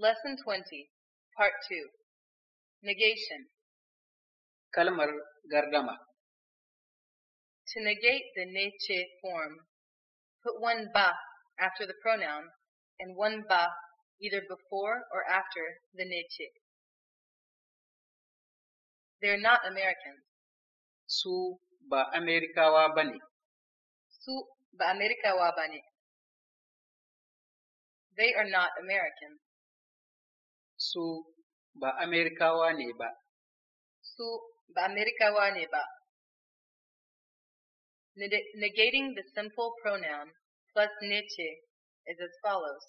Lesson 20, Part 2 Negation Kalmar Gargama To negate the neche form, put one ba after the pronoun and one ba either before or after the neche. They're not Americans. Su ba wa bani. Su ba wa bani. They are not Americans su ba Amerikawa ne ba. Su ba Amerikawa ne ba. Negating the simple pronoun plus nichi is as follows.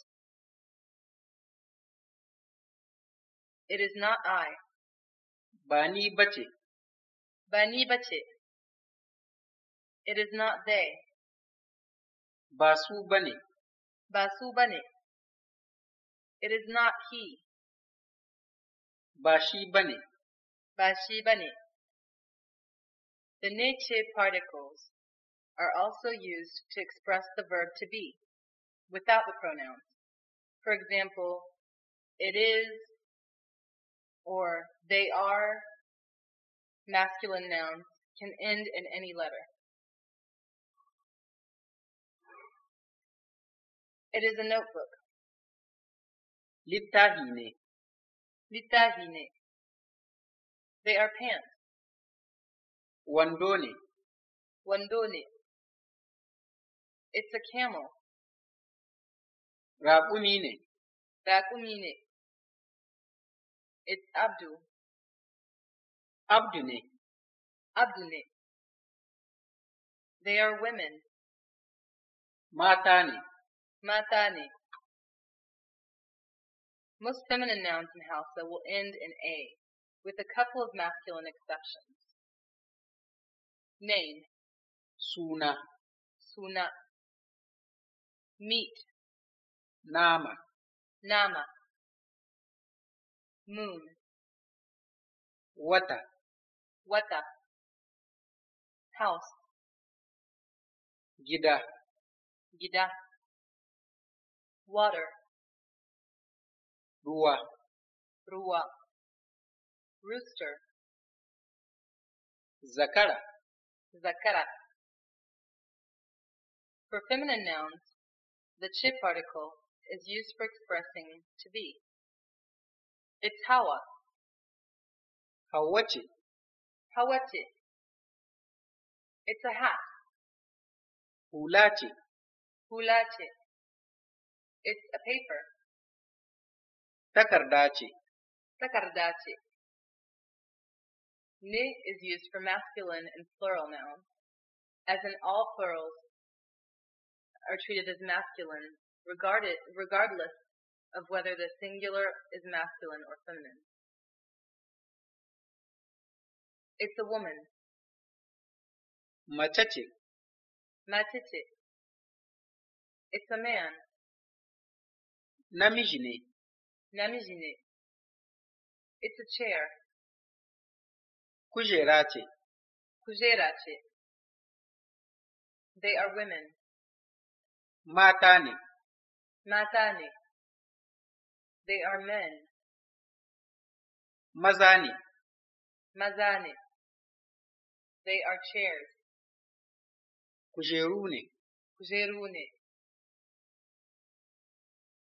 It is not I. Bani ni Bani Ba It is not they. Basu bani. bane. bani. bane. It is not he ba shi The neche particles are also used to express the verb to be without the pronouns. For example, it is or they are masculine nouns can end in any letter. It is a notebook. Littahi للداهنة They are pants. Wandoni. Wandoni. It's a camel. Rakumine. Rakumine. It's Abdu. Abdune. Abdune. They are women. Matani. Matani. Most feminine nouns in Hausa will end in a, with a couple of masculine exceptions. Name. Suna. Suna. Meat. Nama. Nama. Moon. Wata. Wata. House. Gida. Gida. Water. Rua. Rua. Rooster. Zakara. Zakara. For feminine nouns, the chip article is used for expressing to be. It's hawa. Hawachi. Hawachi. It's a hat. Hulachi. Hulachi. It's a paper. Takarda ce. Takarda ce. Ne is used for masculine and plural nouns, as in all plurals are treated as masculine, regarded, regardless of whether the singular is masculine or feminine. It's a woman. Mace ce. It's a man. Namijine. Lamizine. It's a chair. Kujerati. ce. They are women. Matani. Matani. They are men. Mazani. Mazani. They are chairs. Kujerune. ne.